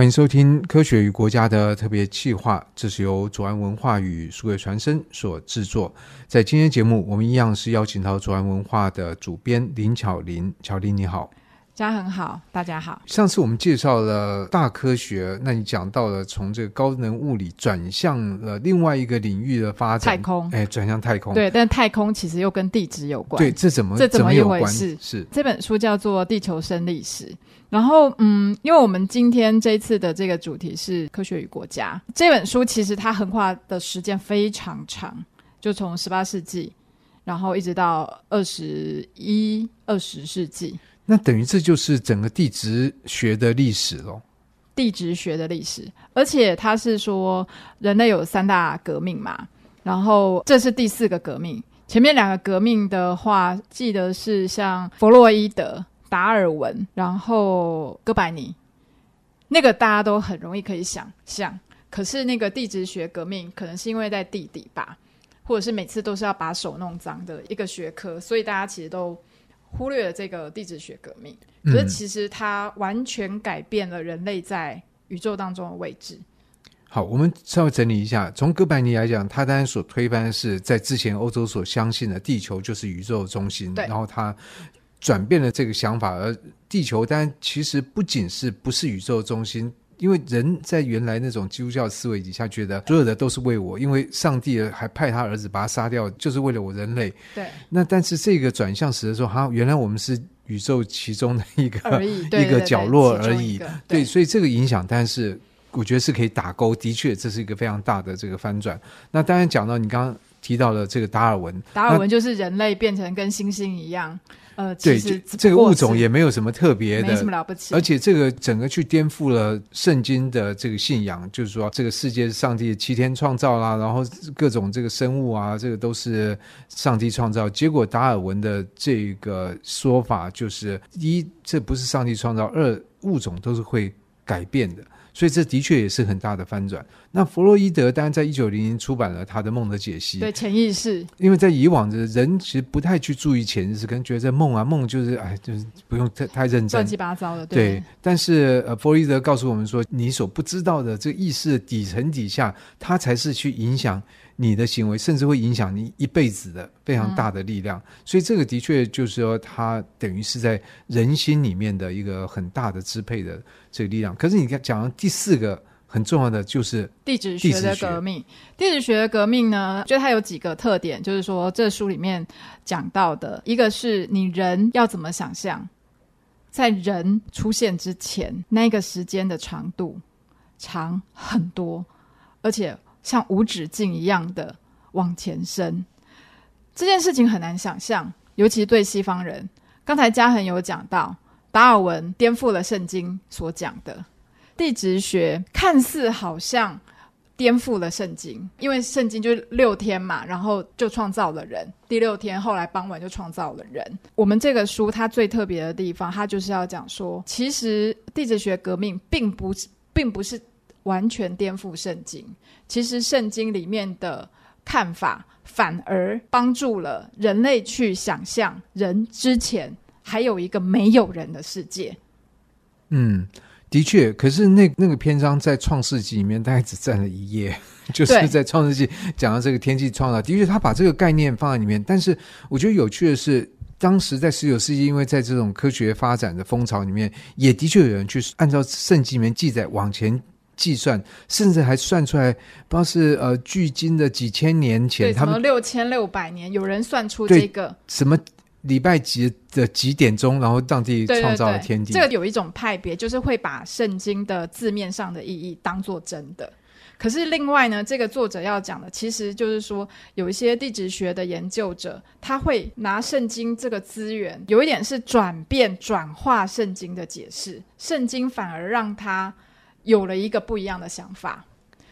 歡迎收聽《科學與國家》的特別企劃，這是由左岸文化與數位傳聲所製作。在今天節目，我們一樣是邀請到左岸文化的主編林巧玲。巧玲，你好。大家很好，大家好。上次我們介紹了大科學，那你講到了從這個高能物理轉向了另外一個領域的發展，太空，哎，轉向太空。對，但太空其實又跟地質有關。對，這怎麼這怎麼一回事？是這本書叫做《地球深歷史》，是然後嗯，因為我們今天這一次的這個主題是科學與國家，這本書其實它橫跨的時間非常長，就從十八世紀，然後一直到二十一二十世紀。那等於這就是整個地質學的歷史嘍。地質學的歷史，而且他是說人類有三大革命嘛，然後這是第四個革命。前面兩個革命的話，記得是像弗洛伊德、達爾文，然後哥白尼。那個大家都很容易可以想象，可是那個地質學革命，可能是因為在地底吧，或者是每次都是要把手弄髒的一個學科，所以大家其實都。忽略了這個地質學革命，可是其實它完全改變了人類在宇宙當中的位置。嗯、好，我們稍微整理一下，從哥白尼來講，他當然所推翻的是在之前歐洲所相信的地球就是宇宙中心，對然後他轉變了這個想法，而地球當然其實不僅是不是宇宙中心。因為人在原來那種基督教思維底下，覺得所有的都是為我，因為上帝還派他兒子把他殺掉，就是為了我人類。對。那但是這個轉向時的時候，哈，原來我們是宇宙其中的一個議一個角落而已。對，對，對，對，對，所以這個影響，但是我覺得是可以打勾。的確，這是一個非常大的這個翻轉。對那當然講到你剛剛。提到了這個達爾文，達爾文就是人類變成跟猩猩一樣，那呃，對其實這個物種也沒有什麼特別的，沒什麼了不起，而且這個整個去顛覆了聖經的這個信仰，就是說這個世界上帝七天創造啦，然後各種這個生物啊，這個都是上帝創造。結果達爾文的這個說法就是一，這不是上帝創造；二，物種都是會改變的，所以這的確也是很大的翻轉。那弗洛伊德當然在一九零零出版了他的《夢的解析》對。對潛意識。因為在以往的人其實不太去注意潛意識，可能覺得夢啊夢就是哎就是不用太太認真，亂七八糟的。對。對但是呃，弗洛伊德告訴我們說，你所不知道的這個意識的底層底下，它才是去影響你的行為，甚至會影響你一輩子的非常大的力量。嗯。所以這個的確就是說，它等於是在人心裡面的一個很大的支配的這個力量。可是你看講了第四個。很重要的就是地質學的革命。地質學的革命呢，就它有幾個特點，就是說這書裡面講到的，一個是你人要怎麼想象，在人出現之前那個時間的長度長很多，而且像無止境一樣的往前伸。這件事情很難想象，尤其對西方人。剛才家恆有講到，達爾文顛覆了聖經所講的。地質學看似好像顛覆了聖經，因為聖經就六天嘛，然後就創造了人。第六天後來傍晚就創造了人。我們這個書它最特別的地方，它就是要講說，其實地質學革命並不並不是完全顛覆聖經。其實聖經裡面的看法，反而幫助了人類去想象人之前還有一個沒有人的世界。嗯。的確，可是那那個篇章在《創世紀》裡面大概只占了一頁，就是在《創世紀》講到這個天氣創造。對的確，他把這個概念放在裡面，但是我覺得有趣的是，當時在十九世紀，因為在這種科學發展的風潮裡面，也的確有人去按照聖經裡面記載往前計算，甚至還算出來，不知道是呃距今的幾千年前，對什麼年他們六千六百年，有人算出這個什麼。禮拜幾的幾點鐘，然後上帝創造了天地。對對對，這個有一種派別，就是會把聖經的字面上的意義當做真的。可是另外呢，這個作者要講的，其實就是說，有一些地質學的研究者，他會拿聖經這個資源，有一點是轉變轉化聖經的解釋，聖經反而讓他有了一個不一樣的想法。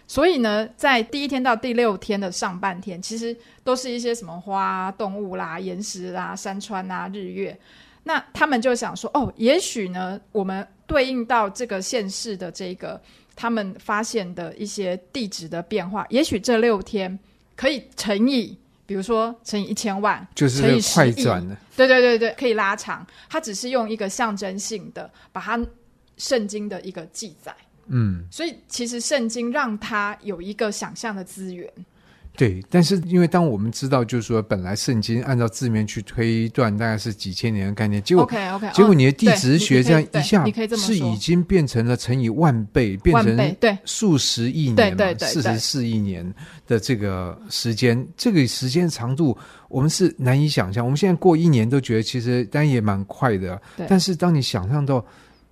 所以呢，在第一天到第六天的上半天，其實都是一些什麼花、啊、動物啦、啊、岩石啦、啊、山川啊、日月。那他們就想說，哦，也許呢，我們對應到這個現世的這個，他們發現的一些地質的變化，也許這六天可以乘以，比如說乘以一千萬，就是快轉的，對對對對，可以拉長。它只是用一個象徵性的，把它聖經的一個記載。嗯，所以其實聖經讓他有一個想象的資源。對，但是因為當我們知道，就是說本來聖經按照字面去推斷，大概是幾千年的概念，結果 okay, okay, 哦，結果你的地質學這樣一下是已經變成了乘以萬倍，變成對數十億年的，四十四億年的這個時間，這個時間長度我們是難以想象我們現在過一年都覺得其實但也蠻快的，對但是當你想象到。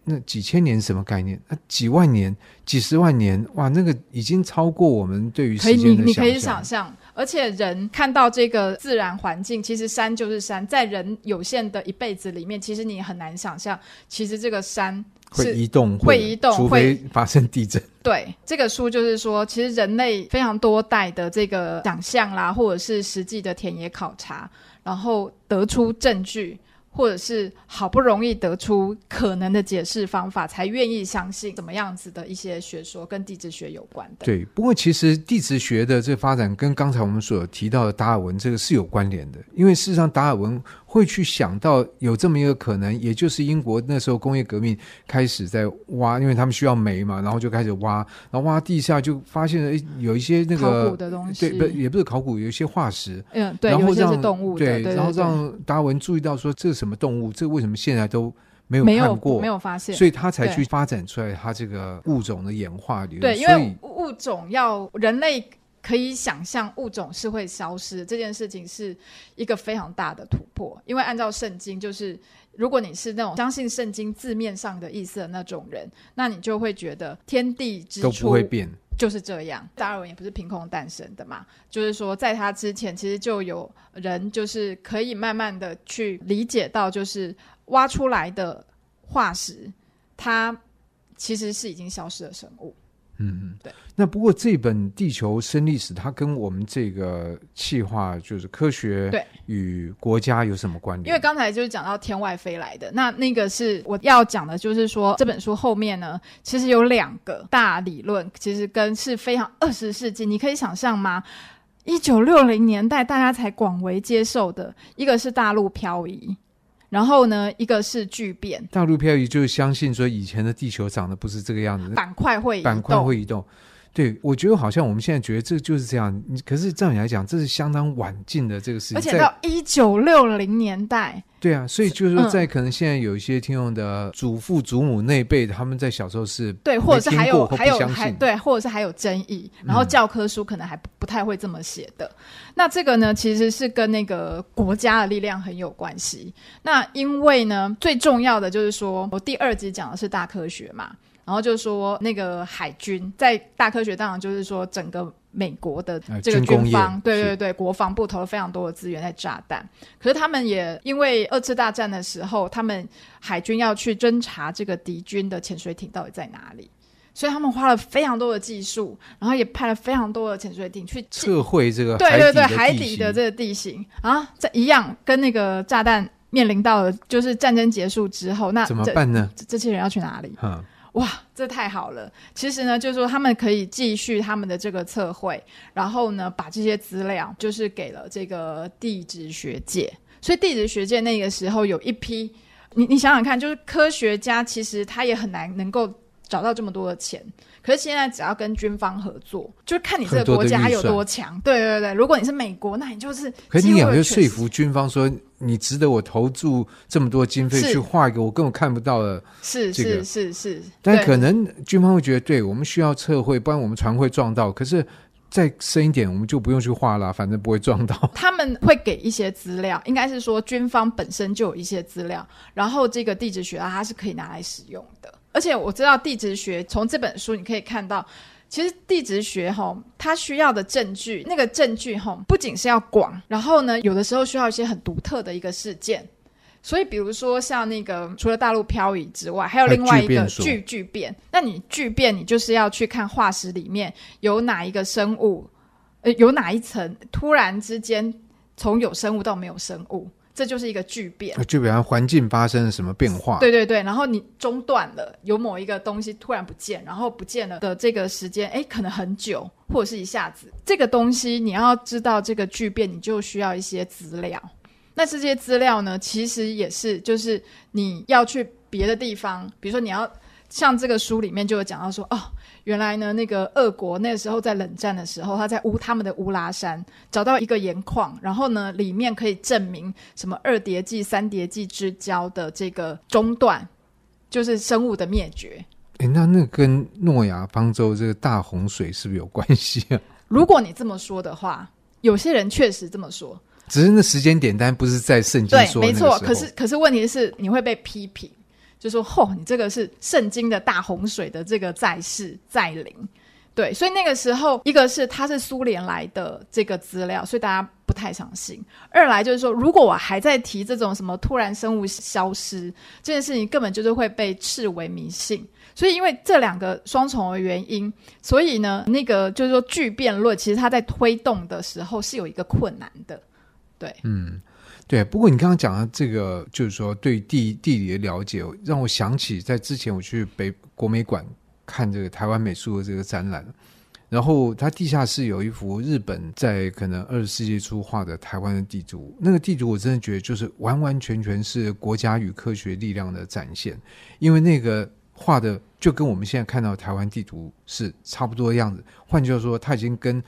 那幾千年什麼概念？啊，幾萬年、幾十萬年，哇，那個已經超過我們對於時間的想象。你你可以想象。而且人看到這個自然環境，其實山就是山，在人有限的一輩子裡面，其實你很難想象，其實這個山會移動，會移動，除非發生地震。對，這個書就是說，其實人類非常多代的這個想象啦，或者是實際的田野考察，然後得出證據。或者是好不容易得出可能的解釋方法，才願意相信怎麼樣子的一些學說跟地質學有關的。對，不過其實地質學的這個發展跟剛才我們所提到的達爾文這個是有關聯的，因為事實上達爾文。會去想到有這麼一個可能，也就是英國那時候工業革命開始在挖，因為他們需要煤嘛，然後就開始挖，然後挖地下就發現了有一些那個古的東西，對，不，也不是考古，有一些化石，嗯，對，然後讓是動物的對，對，然後讓達文注意到說這是什麼動物？對對對，這為什麼現在都沒有看過，沒有，沒有發現，所以他才去發展出來他這個物種的演化論。對，以因為物種要人類。可以想象物種是會消失這件事情是一個非常大的突破，因為按照聖經，就是如果你是那種相信聖經字面上的意思的那種人，那你就會覺得天地之初都不會變，就是這樣。達爾文也不是憑空誕生的嘛，就是說在他之前，其實就有人就是可以慢慢的去理解到，就是挖出來的化石，它其實是已經消失的生物。嗯嗯，對。那不過這本《地球深歷史》它跟我們這個企劃就是科學與國家有什麼關聯？因為剛才就是講到天外飛來的那，那個是我要講的，就是說這本書後面呢，其實有兩個大理論，其實跟是非常二十世紀，你可以想象嗎？一九六零年代大家才廣為接受的一個是大陸漂移。然後呢，一個是巨變，大陸漂移就是相信說，以前的地球長得不是這個樣子，板塊會，板塊會移動。對，我覺得好像我們現在覺得這就是這樣。可是照你來講，這是相當晚近的這個事情，而且到一九六零年代。對啊，所以就是說在可能現在有一些聽眾的祖父祖母那輩，他們在小時候是對，或者是還有還有還、對啊，或者是還有爭議，然後教科書可能還不不太會這麼寫的。嗯、那這個呢，其實是跟那個國家的力量很有關係。那因為呢，最重要的就是說我第二集講的是大科學嘛。然後就說那個海軍在大科學，當然就是說整個美國的這個軍方，呃、軍工業對對對，是國防部投了非常多的資源在炸彈。可是他們也因為二次大戰的時候，他們海軍要去偵查這個敵軍的潛水艇到底在哪裡，所以他們花了非常多的技術，然後也派了非常多的潛水艇去測繪這個對對對海底的這個地形啊，這一樣跟那個炸彈面臨到的就是戰爭結束之後，那怎麼辦呢？這這，這些人要去哪裡？哇，這太好了！其實呢，就是說他們可以繼續他們的這個測繪，然後呢，把這些資料就是給了這個地質學界。所以地質學界那個時候有一批，你你想想看，就是科學家其實他也很難能夠找到這麼多的錢。可是現在只要跟軍方合作，就看你這個國家有多強。多對，對對對，如果你是美國，那你就是。可是你有沒有說服軍方說？你值得我投注這麼多經費去畫一個我根本看不到的，是是是是，但可能軍方會覺得，對，我們需要測繪，不然我們船會撞到。可是再深一點，我們就不用去畫啦，反正不會撞到。他們會給一些資料，應該是說軍方本身就有一些資料，然後這個地質學啊，它是可以拿來使用的。而且我知道地質學，從這本書你可以看到。其實地質學哈，它需要的證據，那個證據哈，不僅是要廣，然後呢，有的時候需要一些很獨特的一個事件。所以比如說像那個，除了大陸漂移之外，還有另外一個巨巨變。那你巨變，你就是要去看化石裡面有哪一個生物，呃，有哪一層突然之間從有生物到沒有生物。這就是一個巨變，巨變環境發生了什麼變化？對對對，然後你中斷了，有某一個東西突然不見，然後不見了的這個時間，哎，可能很久或者是一下子，這個東西你要知道這個巨變，你就需要一些資料。那這些資料呢，其實也是，就是你要去別的地方，比如說你要。像這個書裡面就有講到說，哦，原來呢，那個俄國那時候在冷戰的時候，他在烏他們的烏拉山找到一個鹽礦，然後呢，裡面可以證明什麼二疊紀三疊紀之交的這個中斷，就是生物的滅絕。哎，那那個跟諾亞方舟這個大洪水是不是有關係啊？如果你這麼說的話，有些人確實這麼說，只是那時間點，但不是在聖經說的。對，沒錯。可是，可是問題是，你會被批評。就說，嚯，你這個是聖經的大洪水的這個再世再臨，對，所以那個時候，一個是他是蘇聯來的這個資料，所以大家不太相信；二來就是說，如果我還在提這種什麼突然生物消失這件事情，根本就是會被斥為迷信。所以，因為這兩個雙重的原因，所以呢，那個就是說，劇變論其實它在推動的時候是有一個困難的，對，嗯。對，不過你剛剛講的這個，就是說對地地理的了解，讓我想起在之前我去北國美館看這個台灣美術的這個展覽，然後它地下室有一幅日本在可能二十世紀初畫的台灣的地圖，那個地圖我真的覺得就是完完全全是國家與科學力量的展現，因為那個畫的就跟我們現在看到台灣地圖是差不多的樣子，換句話說，它已經跟。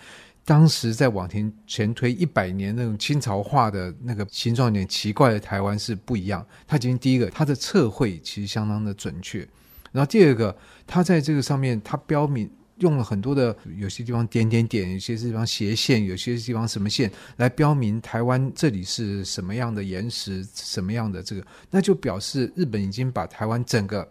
當時在往前前推一百年那種清朝畫的那個形狀有點奇怪的台灣是不一樣。它已經第一個，它的測繪其實相當的準確。然後第二個，它在這個上面，它標明用了很多的，有些地方點點點，有些地方斜線，有些地方什麼線來標明台灣這裡是什麼樣的岩石，什麼樣的這個，那就表示日本已經把台灣整個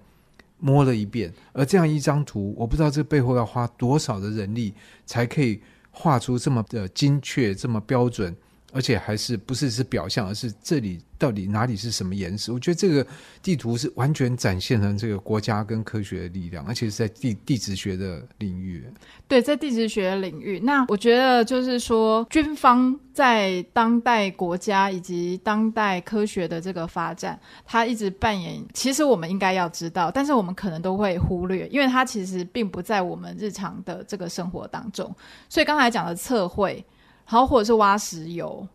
摸了一遍。而這樣一張圖，我不知道這背後要花多少的人力才可以。畫出這麼的精確，這麼標準。而且還是不是是表象，而是這裡到底哪裡是什麼岩石，我覺得這個地圖是完全展現了這個國家跟科學的力量，而且是在地地質學的領域。對，在地質學的領域，那我覺得就是說，軍方在當代國家以及當代科學的這個發展，它一直扮演。其實我們應該要知道，但是我們可能都會忽略，因為它其實並不在我們日常的這個生活當中。所以剛才講的測繪。好，或者是挖石油，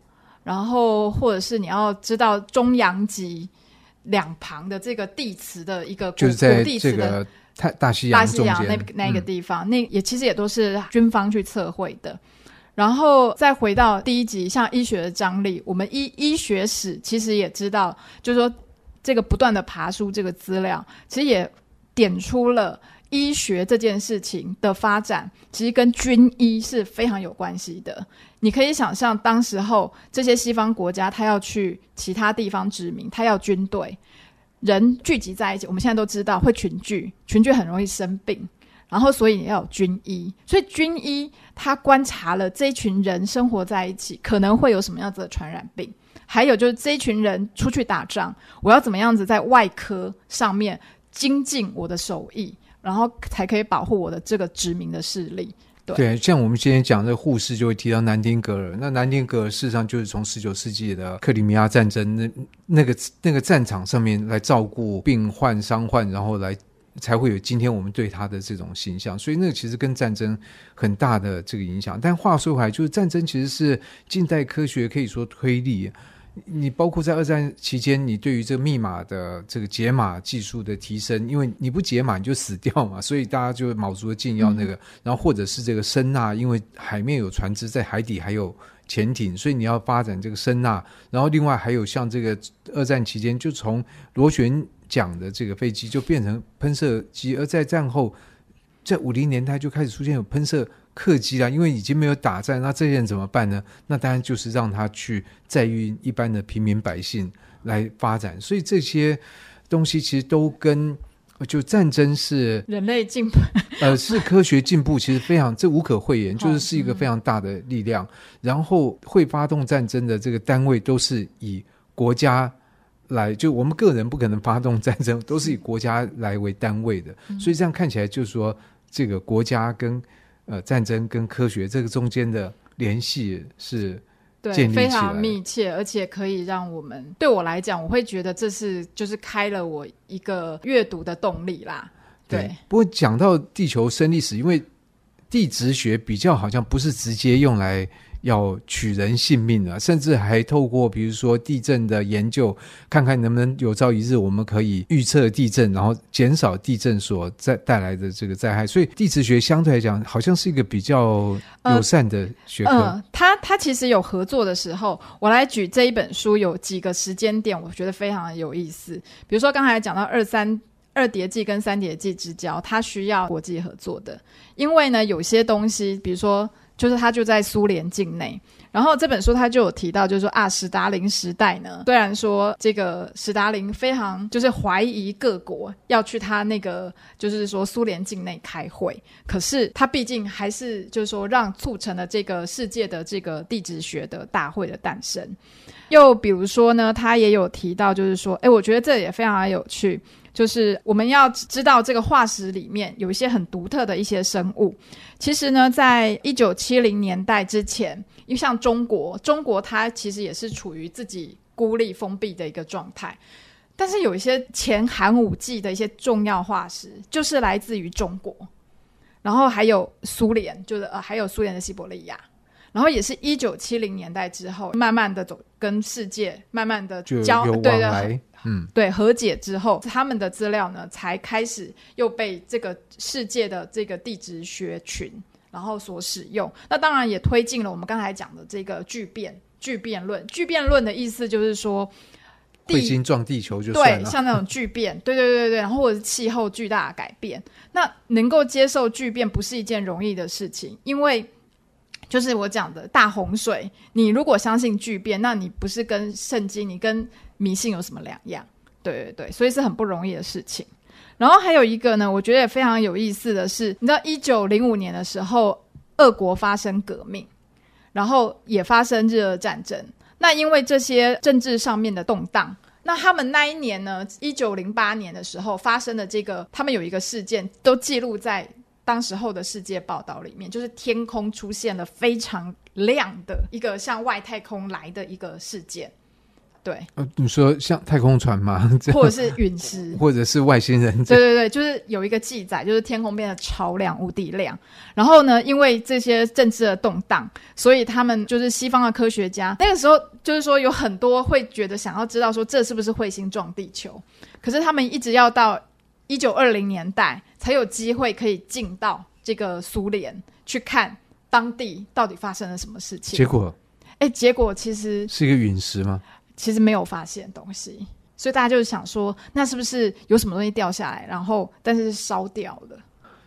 然後或者是你要知道中洋脊兩旁的這個地磁的一個，就是在這個太大西洋、大西洋那那個地方，嗯、那也其實也都是軍方去測繪的。然後再回到第一集，像醫學的張力，我們醫醫學史其實也知道，就是說這個不斷的爬梳，這個資料其實也點出了。醫學這件事情的發展，其實跟軍醫是非常有關係的。你可以想象，當時候這些西方國家他要去其他地方殖民，他要軍隊人聚集在一起，我們現在都知道會群聚，群聚很容易生病。然後所以也要有軍醫，所以軍醫他觀察了這一群人生活在一起可能會有什麼樣子的傳染病，還有就是這一群人出去打仗，我要怎麼樣子在外科上面精進我的手藝。然後才可以保護我的這個殖民的勢力。對，對，像我們今天講的護士，就會提到南丁格爾。那南丁格爾事實上就是從十九世紀的克里米亞戰爭那那個那個戰場上面來照顧病患傷患，然後來才會有今天我們對他的這種形象。所以那個其實跟戰爭很大的這個影響。但話說回來，就是戰爭其實是近代科學可以說推力。你包括在二戰期間，你對於這個密碼的這個解碼技術的提升，因為你不解碼你就死掉嘛，所以大家就卯足了勁要那個。然後或者是這個聲呐，因為海面有船隻，在海底還有潛艇，所以你要發展這個聲呐。然後另外還有像這個二戰期間就從螺旋槳的這個飛機就變成噴射機，而在戰後，在五零年代就開始出現有噴射客機啊，因為已經沒有打仗，那這些人怎麼辦呢？那當然就是讓他去載運一般的平民百姓來發展。所以這些東西其實都跟，就戰爭是人類進步，呃，是科學進步， 其實非常，這無可諱言，就是是一個非常大的力量。哦嗯、然後會發動戰爭的這個單位都是以國家來，就我們個人不可能發動戰爭，都是以國家來為單位的。嗯、所以這樣看起來，就是說這個國家跟呃，戰爭跟科學這個中間的聯繫是建立的，對，非常密切，而且可以讓我們對我來講，我會覺得這是就是開了我一個閱讀的動力啦。對，對不過講到地球深歷史，因為地質學比較好像不是直接用來。要取人性命啊，甚至還透過比如說地震的研究，看看能不能有朝一日我們可以預測地震，然後減少地震所在帶來的這個災害。所以地質學相對來講，好像是一個比較友善的學科。嗯、呃，它、呃、它其實有合作的時候，我來舉這一本書有幾個時間點，我覺得非常的有意思。比如說剛才講到二三二疊紀跟三疊紀之交，它需要國際合作的，因為呢有些東西，比如說。就是他就在蘇聯境內，然後這本書他就有提到，就是說啊，史達林時代呢，雖然說這個史達林非常就是懷疑各國要去他那個就是說蘇聯境內開會，可是他畢竟還是就是說讓促成了這個世界的這個地質學的大會的誕生。又比如說呢，他也有提到，就是說，誒，我覺得這也非常有趣。就是我們要知道這個化石裡面有一些很獨特的一些生物。其實呢，在一九七零年代之前，因為像中國，中國它其實也是處於自己孤立封閉的一個狀態。但是有一些前寒武紀的一些重要化石，就是來自於中國，然後還有蘇聯，就是呃，還有蘇聯的西伯利亞。然後也是一九七零年代之後，慢慢的走跟世界慢慢的交對對。嗯，對，和解之後，他們的資料呢，才開始又被這個世界的這個地質學群然後所使用。那當然也推進了我們剛才講的這個巨變、巨變論、巨變論的意思就是說，彗星撞地球，就算了，對，像那種巨變，對對對對對，然後或者是氣候巨大的改變。那能夠接受巨變不是一件容易的事情，因為。就是我講的大洪水，你如果相信巨變，那你不是跟聖經，你跟迷信有什麼兩樣？對對對，所以是很不容易的事情。然後還有一個呢，我覺得也非常有意思的是，你知道一九零五年的時候，俄國發生革命，然後也發生日俄戰爭。那因為這些政治上面的動盪，那他們那一年呢，一九零八年的時候發生的這個，他們有一個事件都記錄在。當時候的世界報道裡面，就是天空出現了非常亮的一個像外太空來的一個事件，對。呃，你說像太空船嗎？或者是隕石，或者是外星人？對對對，就是有一個記載，就是天空變得超亮，無敵亮。 然後呢，因為這些政治的動盪，所以他們就是西方的科學家，那個時候就是說有很多會覺得想要知道說這是不是彗星撞地球，可是他們一直要到一九二零年代。才有機會可以進到這個蘇聯去看當地到底發生了什麼事情。結果，哎、欸，結果其實是一個隕石嗎？其實沒有發現東西，所以大家就是想說，那是不是有什麼東西掉下來，然後但是燒掉了？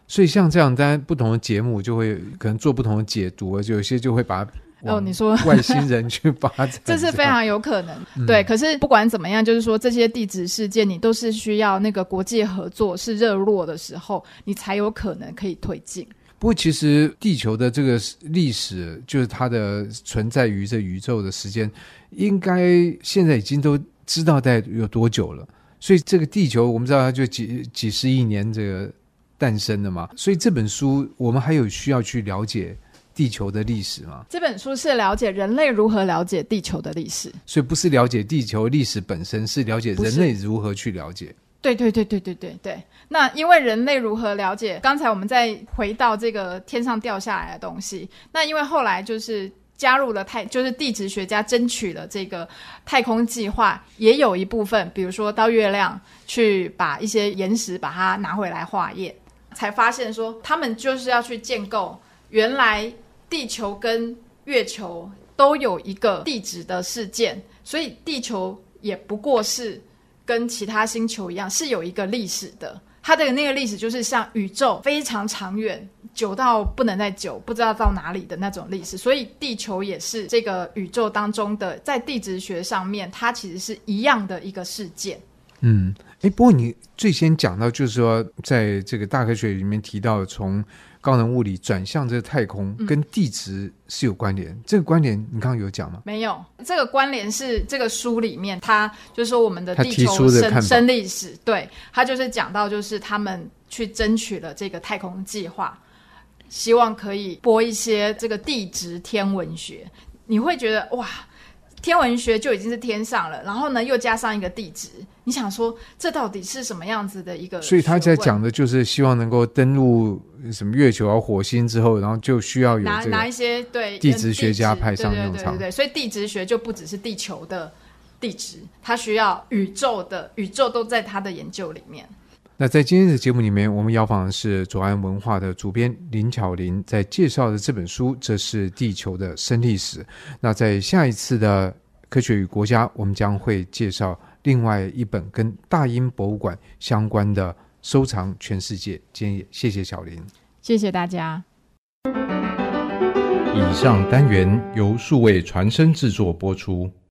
所以像這樣，大家不同的節目就會可能做不同的解讀，就有些就會把。哦，你說外星人去發展這， 這是非常有可能。對，嗯、可是不管怎麼樣，就是說這些地質事件，你都是需要那個國際合作是熱絡的時候，你才有可能可以推進。不過，其實地球的這個歷史，就是它的存在於這宇宙的時間，應該現在已經都知道在有多久了。所以，這個地球我們知道，它就幾幾十億年這個誕生的嘛。所以，這本書我們還有需要去了解。地球的歷史嗎？這本書是了解人類如何了解地球的歷史，所以不是了解地球歷史本身，是了解人類如何去了解。對，對對對對對對對。那因為人類如何了解？剛才我們再回到這個天上掉下來的東西，那因為後來就是加入了太，就是地質學家爭取了這個太空計劃，也有一部分，比如說到月亮去把一些岩石把它拿回來化驗，才發現說他們就是要去建構原來。地球跟月球都有一個地質的事件，所以地球也不過是跟其他星球一樣，是有一個歷史的。它的那個歷史就是像宇宙非常長遠，久到不能再久，不知道到哪裡的那種歷史。所以地球也是這個宇宙當中的，在地質學上面，它其實是一樣的一個事件。嗯，哎，不過你最先講到就是說，在這個大科學裡面提到的從。高能物理轉向這個太空，嗯，跟地質是有關聯，這個關聯你剛剛有講嗎？沒有，這個關聯是這個書裡面，它就是說我們的地球生生歷史，對，他就是講到就是他們去爭取了這個太空計劃，希望可以播一些這個地質天文學，你會覺得哇。天文學就已經是天上了，然後呢，又加上一個地質，你想說這到底是什麼樣子的一個？所以他在講的就是希望能夠登陸什麼月球啊火星之後，然後就需要有拿拿一些對地質學家派上用場。對，對，對，對，對，對所以地質學就不只是地球的地質，它需要宇宙的宇宙都在他的研究裡面。那在今天的節目裡面，我們邀訪的是左岸文化的主編林巧玲，在介紹的這本書，這是《地球深歷史》。那在下一次的《科學與國家》，我們將會介紹另外一本跟大英博物館相關的收藏全世界。今天也謝謝，謝謝小林，謝謝大家。以上單元由數位傳聲制作播出。